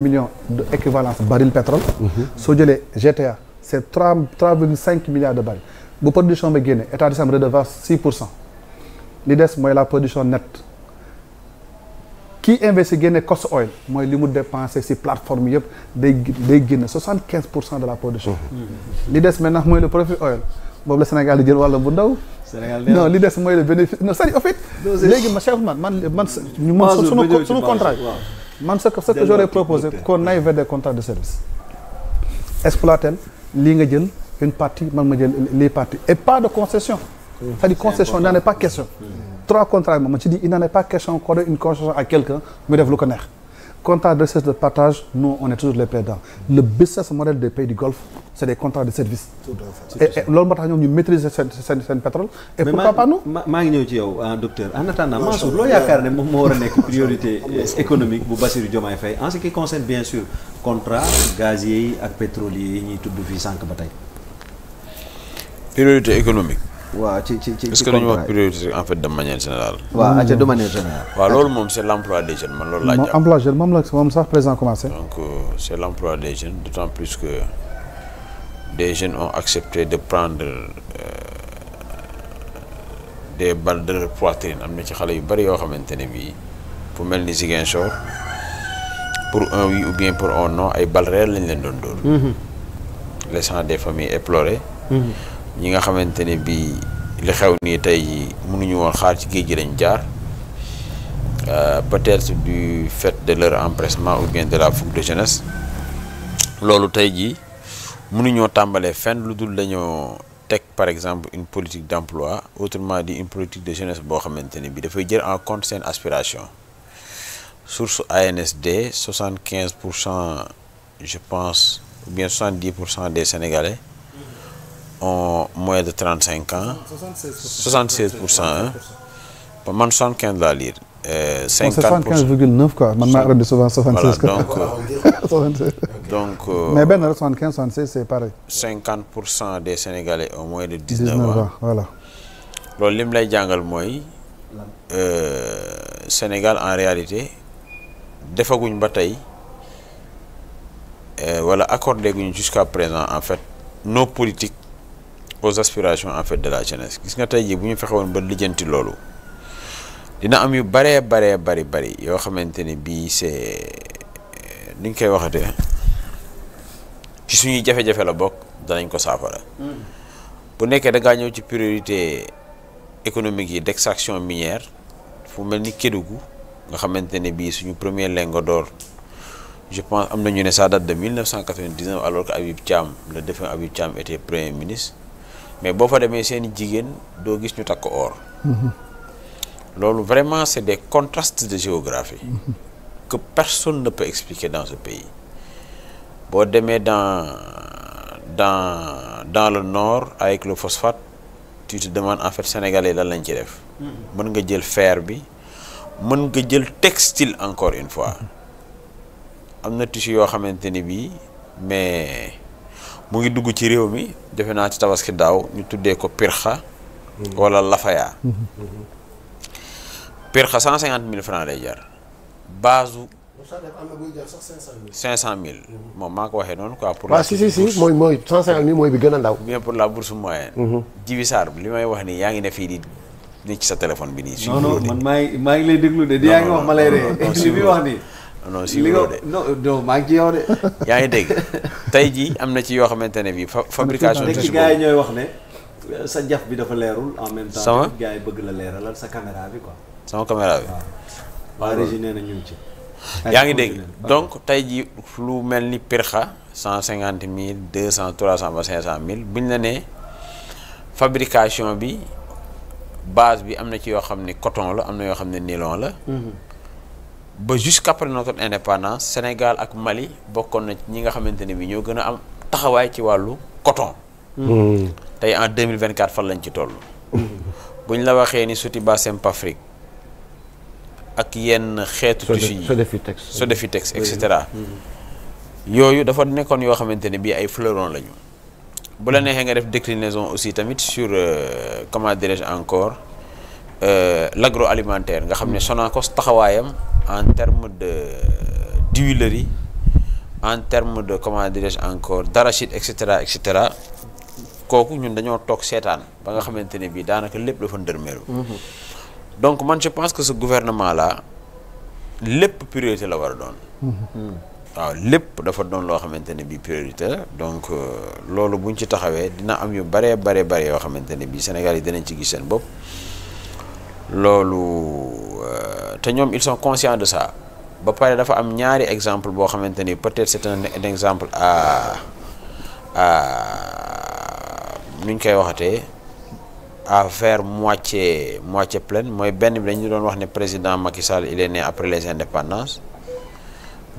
million de équivalence baril pétrole soo jëlee GTA c'est trois trois virgule cinq milliards de barils bu production ba génne état di sam redevance six pour cent li des mooy la production nette kii investi génne cost oil mooy li mu dépensé si plateforme yëpp day day génne soixante quinze pour cent de la production mhm. li des maintenant mooy le profit oil boobu la Sénégal di jël wàllam bu ndaw non li des mooy le bénéfice non c'est-à-dire en ma chef man man man suñu suñu man ce que ce que j'aurais proposé qu'on aille vers des contrats de service exploitel lii nga jël une partie man ma jël les parties et pas de concession c'est-à-dire concession il n'en est pas question trois contrats yi moom ma ci di il n'en est pas question qu'on donne une concession à quelqu'un mu def lu ko neex Contrat de recherche de partage, nous, on est toujours les perdants. Le business model des pays du Golfe, c'est des contrats de service. tout à fait et loolu moo tax ñoom ñu maîtriser seen pétrole. et pourquoi pas nous maa ngi ñëw ci yow docteur en attendant Mansour loo yaakaar ne moom moo war a nekk priorité économique bu Bassirou Diomaye Faye en ce qui concerne bien sûr contrat gazier yi ak pétrolier yi ñuy tudd fii sànq ba tey. priorité économique. waaw ci ci ci est-ce que dañu wax priorité en fait de manière générale. waaw de manière générale. waaw loolu moom c'est l'emploi des jeunes man loolu laa jàpp. emploi jeune moom la moom sax président commencé. donc euh, c'est l'emploi des jeunes d'autant plus que des jeunes ont accepté de prendre euh, des balles de leur poitrine am na ci xale yu bari yoo xamante ne bii fu mel ni Ziguinchor pour un oui ou bien pour un non ay balles réelles lañ leen doon dóor. Mm-hmm. laissant des familles éplorées. Mm-hmm. ñi nga xamante ne bii li xew nii tey mënuñu woon xaar ci géej gi lañ jaar euh, peut-être du fait de leur empressement ou bien de la fougue de jeunesse loolu tey jii mënuñoo tàmbalee fenn lu dul dañoo teg par exemple une politique d'emploi autrement dit une politique de jeunesse boo xamante ne bii dafay jël en compte seen aspiration source ANSD 75 pour cent je pense ou bien 70 pour cent des Sénégalais. ont moins de trente cinq ans. soixante seize pour cent ah. man soixante quinze laa lire. Euh, cinquante pour cent virgule neuf quoi man maa donc. donc euh, mais benn rek soixante quinze soixante seize c'est pareil. cinquante pour cent de sénégalais ont moins de dix neuf ans ans loolu lim lay jàngal mooy euh, Sénégal en réalité defaguñ ba tey wala accordé guñ jusqu'à présent en fait nos politiques. aux aspirations en fait de la jeunesse gis nga tey bu ñu fexe woon ba lijjanti loolu dina am yu bëree baree bari bari yoo xamante ni bii c'est ni koy waxatee ci suñuy jafe-jafe la bokk danañ ko saafara. bu nekkee da ngaa ñëw ci priorité économique yi d'extraction minière fu mel ni Kédougou nga xamante ni bii suñu premier lingot d'or je pense am nañu ne ça date de 1999 alors que Habib Thiam le défunt Habib Thiam était premier ministre. mais boo fa demee seen jigéen doo gis ñu takk or. loolu vraiment c'est des contrastes de géographie. que personne ne peut expliquer dans ce pays. boo demee dans dans dans le nord ay le phosphate demande te demandes en fait sénégalais lan lañ ci def. mën nga jël fer bi mën nga jël textile encore une fois am na tissu yoo xamante ni bii mais. mu ngi dugg ci réew mi defe naa ci tabaski daaw ñu tuddee ko pirxa wala lafaya pirxa cent cinquante mille francs lay jar base cinq cent mille moom maa ko waxee noonu quoi pour waaw si si si mooy mooy cent cinquante mille mooy bi gën a ndaw bien pour la bourse moyenne jibi mhm. saar li may wax ni yaa ngi ne fii di ni ci sa téléphone bi nii non non man maa ngi maa ngi lay déglu de di yaa ngi wax ma lay ree li muy wax nii non si maa ngi ci yow yaa ngi dégg tey jii am na ci yoo xamante ne bii fabrication. tissu boobu gaa yi ñooy wax ne sa jaf bi dafa leerul. en même temps sama gaa bëgg la leeralal sa caméra bi quoi. sama caméra bi waaw. ci. yaa ngi dégg donc tey jii lu mel ni Pirxa cent cinquante mille deux cent trois cent ba cinq cent mille buñ la nee fabrication bi base bi am na ci yoo xam ne coton la am na yoo xam ne nylon la. Mm-hmm. ba jusqu'après notre indépendance Sénégal ak Mali bokkoon na ñi nga xamante ne bi ñoo gën a am taxawaay ci wàllu coton. Hmm. tey en 2024 fan lañ ci toll. buñ la waxee ni Sotiba Simpafric ak yenn xeetu tissu yi Sodefitex Sodefitex et cetera. yooyu dafa nekkoon yoo xamante ne bii ay fleuron lañu. bu la neexee nga def déclinaison aussi tamit sur euh, comment dirais-je encore euh, l'agroalimentaire nga xam ne hmm. Sonacos taxawaayam. en termes de d'huilerie en termes de comment dirais-je encore d'arachide et cetera et cetera kooku ñun dañoo toog seetaan ba nga xamante ne bii daanaka lépp dafa ndërmeelu. Mm-hmm. donc man je pense que ce gouvernement la lépp priorité la war a doon. Mm-hmm. waaw lépp dafa doon loo xamante ne bii priorité la donc euh, loolu buñ ci taxawee dina am yu bare bare bare yoo xamante ne bii Sénégal yi dinañ ci gis seen bopp loolu. te ñoom ils sont conscients de ça ba pare dafa am ñaari exemple boo xamante ni peut-être c'est un exemple à à nuñ koy waxatee à vers moitié moitié pleine mooy benn bi dañu doon wax ne président Macky Sall il est né après les indépendances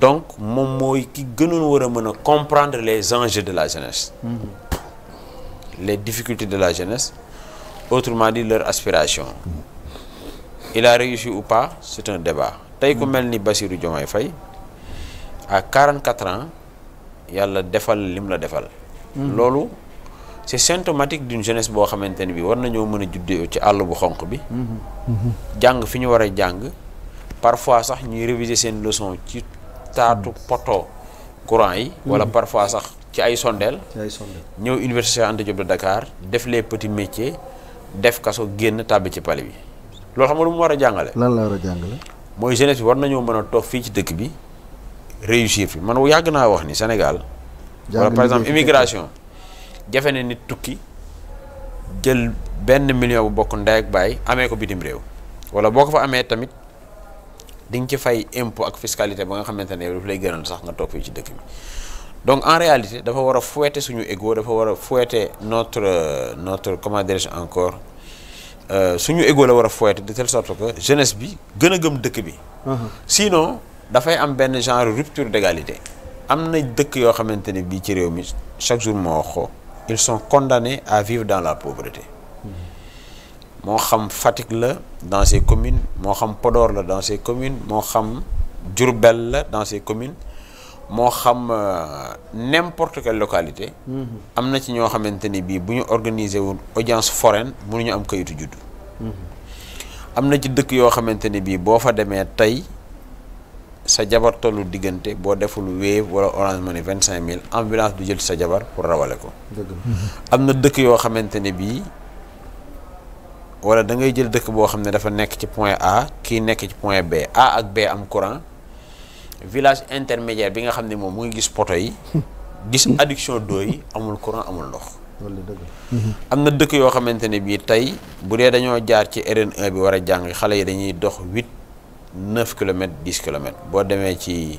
donc moom mooy ki gënoon war a mën a comprendre les enjeux de la jeunesse mm-hmm. les difficultés de la jeunesse autrement di leur aspiration il a réussi ou pas c'est un débat tey ku mel ni basiru Bassirou Diomaye Faye à 44 ans yàlla defal lim la defal hmm. loolu c'est symptomatique d'une jeunesse boo xamante ne bi war nañoo mën a juddee ci àll bu xonq bi hmm. jàng fi ñu war a jàng parfois sax ñuy réviser seen leçon ci taatu hmm. poto courant yi wala parfois sax ci ay sondeel ñëw université Anta Diop de Dakar def les petits métiers def kaso génn tàbbi ci pale bi loolu xam nga lu mu war a jàngale. lan la war a mooy jeunesse bi war nañoo mën a toog fii ci dëkk bi réussir fi man yàgg naa wax ni Sénégal. wala par exemple immigration jafe na nit tukki jël benn million bu bokk ndey ak baay amee ko bitim réew wala boo ko fa amee tamit di nga ci fay impôt ak fiscalité ba nga xamante ne daf lay gënal sax nga toog fii ci dëkk bi donc en réalité dafa war a fouetter suñu égo dafa war a fouetter notre notre comment dirais-je encore Euh, suñu égo la war a foyete de telle sorte que jeunesse bi gën a gëm dëkk bi. Uh-huh. sinon dafay am benn genre rupture d'égalité. am na dëkk yoo xamante ne bii ci réew mi chaque jour moo wax ko ils sont condamnés à vivre dans la pauvreté. moo xam Fatick la dans commune moo xam Podor la dans commune moo xam Diourbel la dans ces communes. moo xam euh, n'importe quelle localité. Mm-hmm. am na ci ñoo xamante ni bii bu ñu organiser woon audience foraine ñu am kayitu juddu. Mm-hmm. am na ci dëkk yoo xamante ni bii boo fa demee tey sa jabar tollu diggante boo deful Wave wala Orange Money vingt cinq mille ambulance du jël sa jabar pour rawale ko. Mm-hmm. am na dëkk yoo xamante ni bii wala da ngay jël dëkk boo xam ne dafa nekk ci point A kii nekk ci point B A ak B am courant. village intermédiaire bi nga xam ne moom mu ngi gis poto yi gis adduction d'eau yi amul courant amul ndox mhm. am na dëkk yoo xamante ne bii tey bu dee dañoo jaar ci RN1 bi war a jàng xale yi dañuy dox huit neuf kilomètres dix kilomètres boo demee ci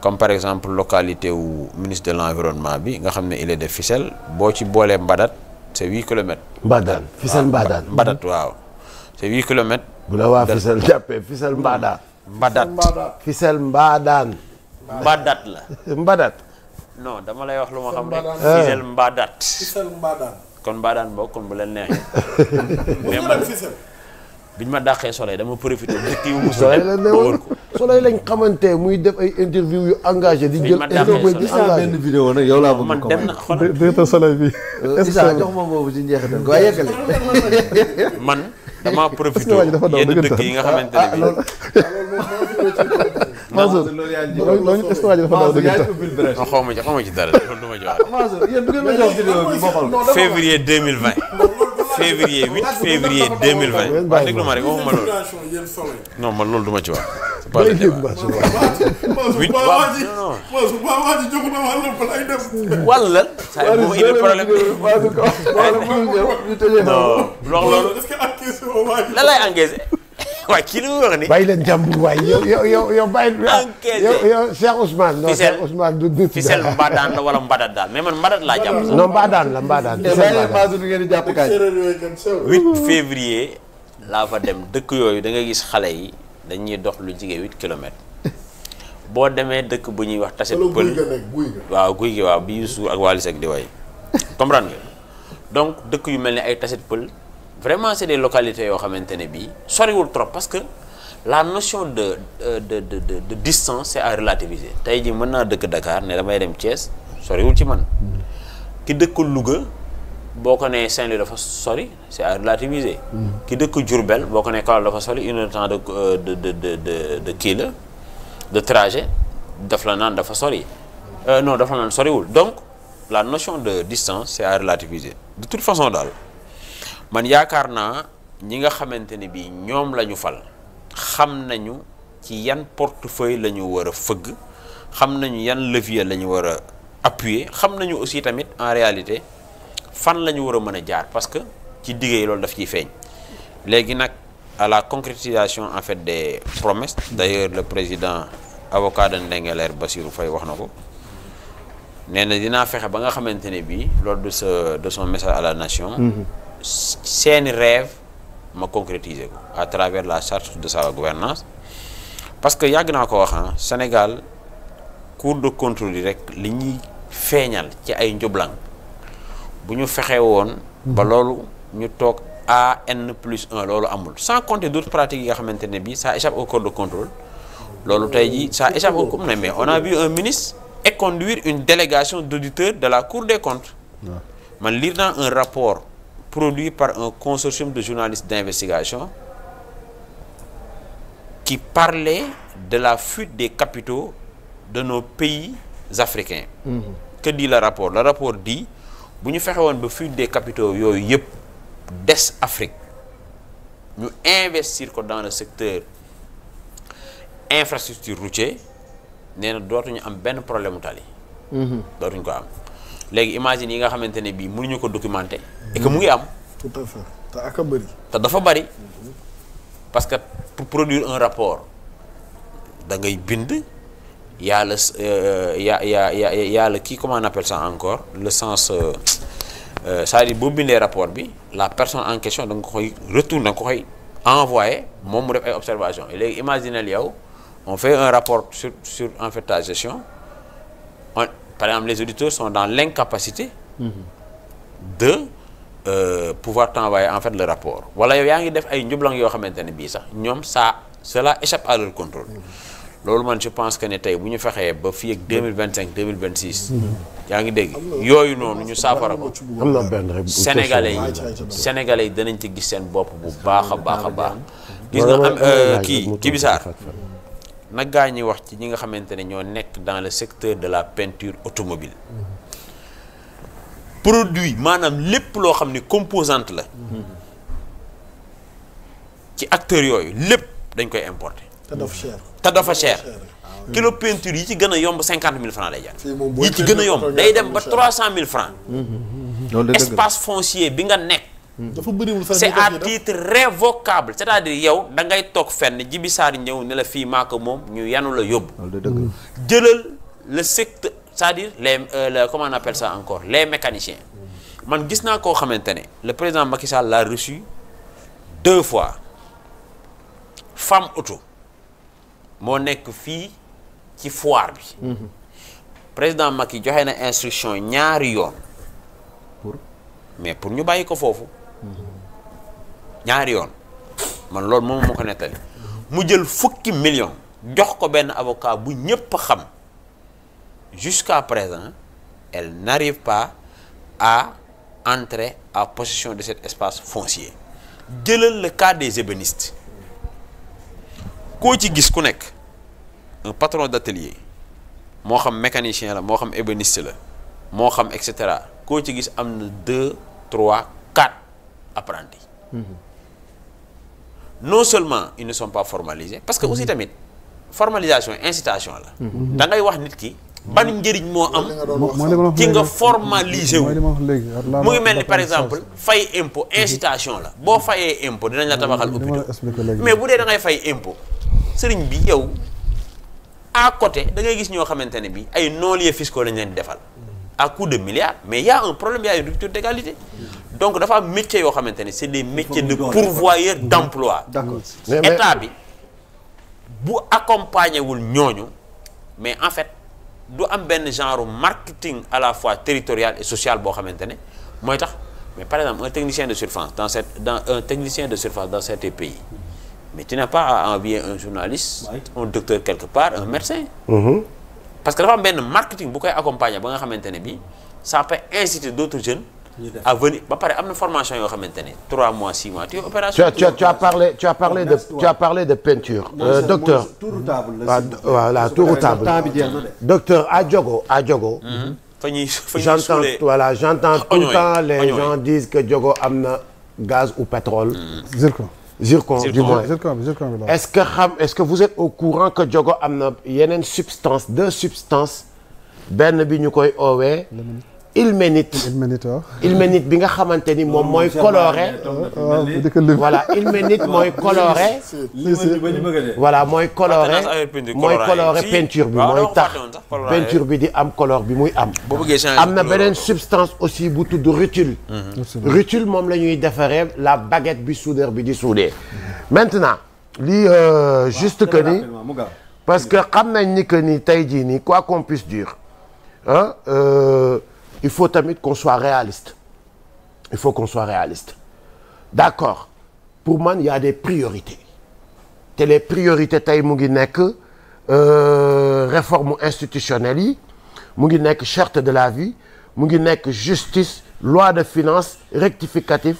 comme par exemple localité wu ministre de l'environnement bi nga xam ne il est de Fissel boo ci boolee Mbadat c'est huit kilomètres. Mbadaan Fissel Mbadaan Mbadat waaw c'est huit kilomètres. bu la waa Fissel jàppee Fissel Mbadaa. mbadat ficelle mbaadaan mbadat la mbadat non dama lay wax lu ma xam kon mbaadaan boo bu leen neexee biñ ma dàqee soleil dama profité dëkkiwu mu soleil la newoon soleil lañ xamante muy def ay interview yu engagé di jël interview di yow laa bëgg man dem na xoolal soleil bi est euh, jox ma boobu ci njeexital waaye yëkkale man damaa profité yenn dëkk yi nga xamante ne bii. Mansour loolu est-ce que waa ji dafa daw dëgg la xaw ma ci xaw ma ci dara loolu du ma jox. Mansour yéen bu ngeen ma jox vidéo bi bokkal. février 2020 février 8 février 2020 wax dëgg lu ma rek waxuma loolu. non man loolu du ma ci wax. pas le débat la wala Mbadat daal mais laa jàpp. non fa dem dëkk yooyu da nga gis xale yi. dañuy dox lu jege huit kilomètres boo demee dëkk bu ñuy wax tase pël waaw guy gi waaw bi Youssou ak Wally Seck di way comprendre nga donc dëkk yu mel ni ay taset pël vraiment c'est des localités yoo xamante ne bii soriwul trop parce que la notion de euh, de de de, de distance c'est à relativiser tey jii mën naa dëkk dakaar ne damay dem Thiès soriwul ci man ki dëkkul Louga boo ko nee Saint-Louis dafa sori c'est à relativiser. ki dëkk Diourbel boo ko nee Kaolack dafa sori une de temps euh, de de de de kii la de trajet daf la naan dafa sori euh, non dafa naan soriwul donc la notion de distance c'est à relativiser de toute façon daal man yaakaar naa ñi nga xamante ni bii ñoom la ñu fal xam nañu ci yan portefeuille la ñu war a fëgg xam nañu yan levier la ñu war a appuyer xam nañu aussi tamit en réalité. fan la ñu war a mën a jaar parce que ci diggéey loolu daf ciy feeñ léegi nag à la concrétisation en fait des promesses d'ailleurs le président avocat de Ndingler Bassirou wax na ko nee na dinaa fexe ba nga xamante ne bii loolu de sa de son message à la nation mhm. seeni rêve ma concrétiser ko à travers la charte de sa gouvernance parce que yàgg naa ko wax Sénégal cour de contrôle rek li ñuy feeñal ci ay njublang bu ñu fexe woon. ba loolu ñu toog n plus un loolu amul sans compter d'autres pratiques yi nga xamante ne bii ça échappe au corps de contrôle loolu tey jii ça échappe au corps mais on a vu un ministre et conduire une délégation d'auditeurs de la Cour des comptes. man liir naa un rapport produit par un consortium de journalistes d'investigation qui parlait de la fuite des capitaux de nos pays africains. Mmh. Que dit rapport? Le rapport dit bu ñu fexewoon woon ba fuite des capitaux yooyu yëpp des Afrique ñu investir ko dans le secteur infrastructure routier nee na dootuñu am benn problème mu tali. Mhm. dootuñu ko am léegi imagine yi nga xamante ne bii mënuñu ko documenter. et que mu ngi am. tout à te ak a te dafa bëri parce que pour produire un rapport da ngay bind. y a le euh, y a y kii comment on appelle encore le sens. Euh, Euh, c'est-à-dire boo bindee rapport bi la personne en question da ko koy retourne da ko koy envoyé moom mu def ay observation et léegi imaginel yow on fait un rapport sur sur en fait ta on par exemple les auditeurs sont dans l'incapacité mmh. de euh, pouvoir t'envoyer en fait le rapport wala yow yaa ngi def ay njublang yoo xamante ne bii sax ñoom ça cela échappe à leur contrôle mm-hmm. loolu man je pense que ne tey bu ñu fexee ba fii ak deux mille vingt cinq mhm. yaa ngi dégg yooyu noonu ñu saafara ko. am na benn rek sénégalais yi sénégalais yi danañ ci gis seen bopp bu baax a baax a baax. gis euh, kii kii bisaar nag gaa ñuy wax ci ñi nga xamante ne ñoo nekk dans le secteur de la peinture automobile mhm. produit maanaam lépp loo xam ni composante la. Mhm. ci acteurs yooyu lépp dañ koy importer. te dafa cher. te dafa cher. kilo peinture yi ci gën a yomb cinquante mille franc lay jar. yi ci gën a yomb day dem ba trois cent mille franc. Mm-hmm. Mm-hmm. espace foncier bi nga nekk. dafa bëriwul c'est à titre révocable c'est-à-dire yow da ngay toog fenn jibi saar ñëw ne la fii maa moom ñu yanu la yóbbu. Mm-hmm. jëlal la secteur c'est-à-dire les euh, le comment on appelle ça encore les mécaniciens. man gis naa koo xamante ne le président Macky Sall l'a reçu deux fois femme oto moo nekk fii ci foire bi. Mhm. président Macky joxe na instruction ñaari yoon. mais pour ñu bàyyi ko foofu. ñaari yoon man loolu moom moo ko nettali. mu jël fukki million jox ko benn avocat bu ñëpp xam jusqu'à présent elle n'arrive pas à entrer à possession de cet espace foncier jëlal le cas des ébénistes. koo ci gis ku nekk un patron d'atelier moo xam mécanicien la moo xam ébéniste la moo xam et cetera koo ci gis am na deux trois quatre apprentis. Mmh. non seulement ils ne sont pas formalisés parce que aussi mm-hmm. tamit formalisation incitation la. Mm-hmm. da ngay wax nit ki. ban njëriñ moo am ci nga formalisé wu mu ngi mel ni par exemple fay impôt mm-hmm. incitation la boo fayee impôt dinañ la tabaxal hôpital mais bu dee da fay impôt sëriñ bi yow à côté da ngay gis ñoo xamante ne bi ay non-lieux fiscaux lañ leen di defal à coup de milliards mais y a un problème y a une rupture d'égalité donc dafa am métier yoo xamante ne c'est des métiers de pourvoyeur d'emploi état bi bu accompagner wul ñooñu mais en fait du am benn genre marketing à la fois territorial et social boo xamante ne mooy tax mais par exemple un technicien de surface dans cette dans un technicien de surface dans certains pays ma tu n'as pas à envier un journaliste un docteur quelque part un médecin mhm. parce que dafa am benn marketing bu koy accompagner ba nga xamante ne bii ça peut inciter d'autres jeunes à venir ba pare am na formation yoo xamante ne trois mois six mois tu opération tu as tu as parlé tu as parlé de tu as parlé de peinture euh, docteur voilà tour table ah, docteur Adjogo Adjogo mhm. fa ñuy fa j'entends voilà j'entends tout le temps les gens disent que Diogo am na gaz ou pétrole mhm. zircon du moins est-ce que xam est-ce que vous êtes au courant que jogo am na yeneen substance deux substances benn bi ñu koy oowee ilménite ilménite waaw ilménite bi nga xamante ni moom mooy coloré voilà ilménite mooy coloré voilà mooy coloré ah, mooy coloré peinture bi mooy tax peinture bi di am color bi muy am am na beneen substance aussi bu tudd mm-hmm. rutile rutile moom la ñuy defaree la baguette bi soudeur bi di soudé maintenant lii euh, juste que ni parce que xam nañ ni que ni tey jii nii quoi qu'on puisse dire ah il faut tamit qu'on soit réaliste il faut qu'on soit réaliste d'accord pour man y a des priorités te les priorités tey mu ngi nekk euh, réforme institutionnelle yi mu ngi nekk charte de la vie mu ngi nekk justice loi de finance rectificatif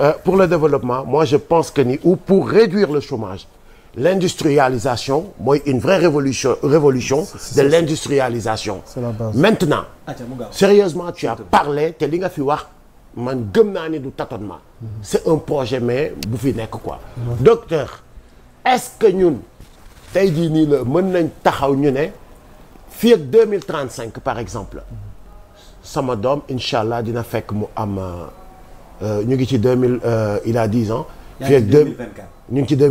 euh, pour le développement moi je pense que ni ou pour réduire le chômage l'industrialisation mooy une vraie révolution révolution de l'industrialisation maintenant sérieusement tu as parlé te li nga fi wax man gëm naa ni du tâtonnement mhm. c'est un projet mais bu fi nekk quoi docteur est-ce que ñun tey jii nii mën nañ taxaw ñu ne fii ak 2035 par exemple sama doom incha allah dina fekk mu am euh, euh, ñu ngi ci 2000 euh, il a 10 ans fii ak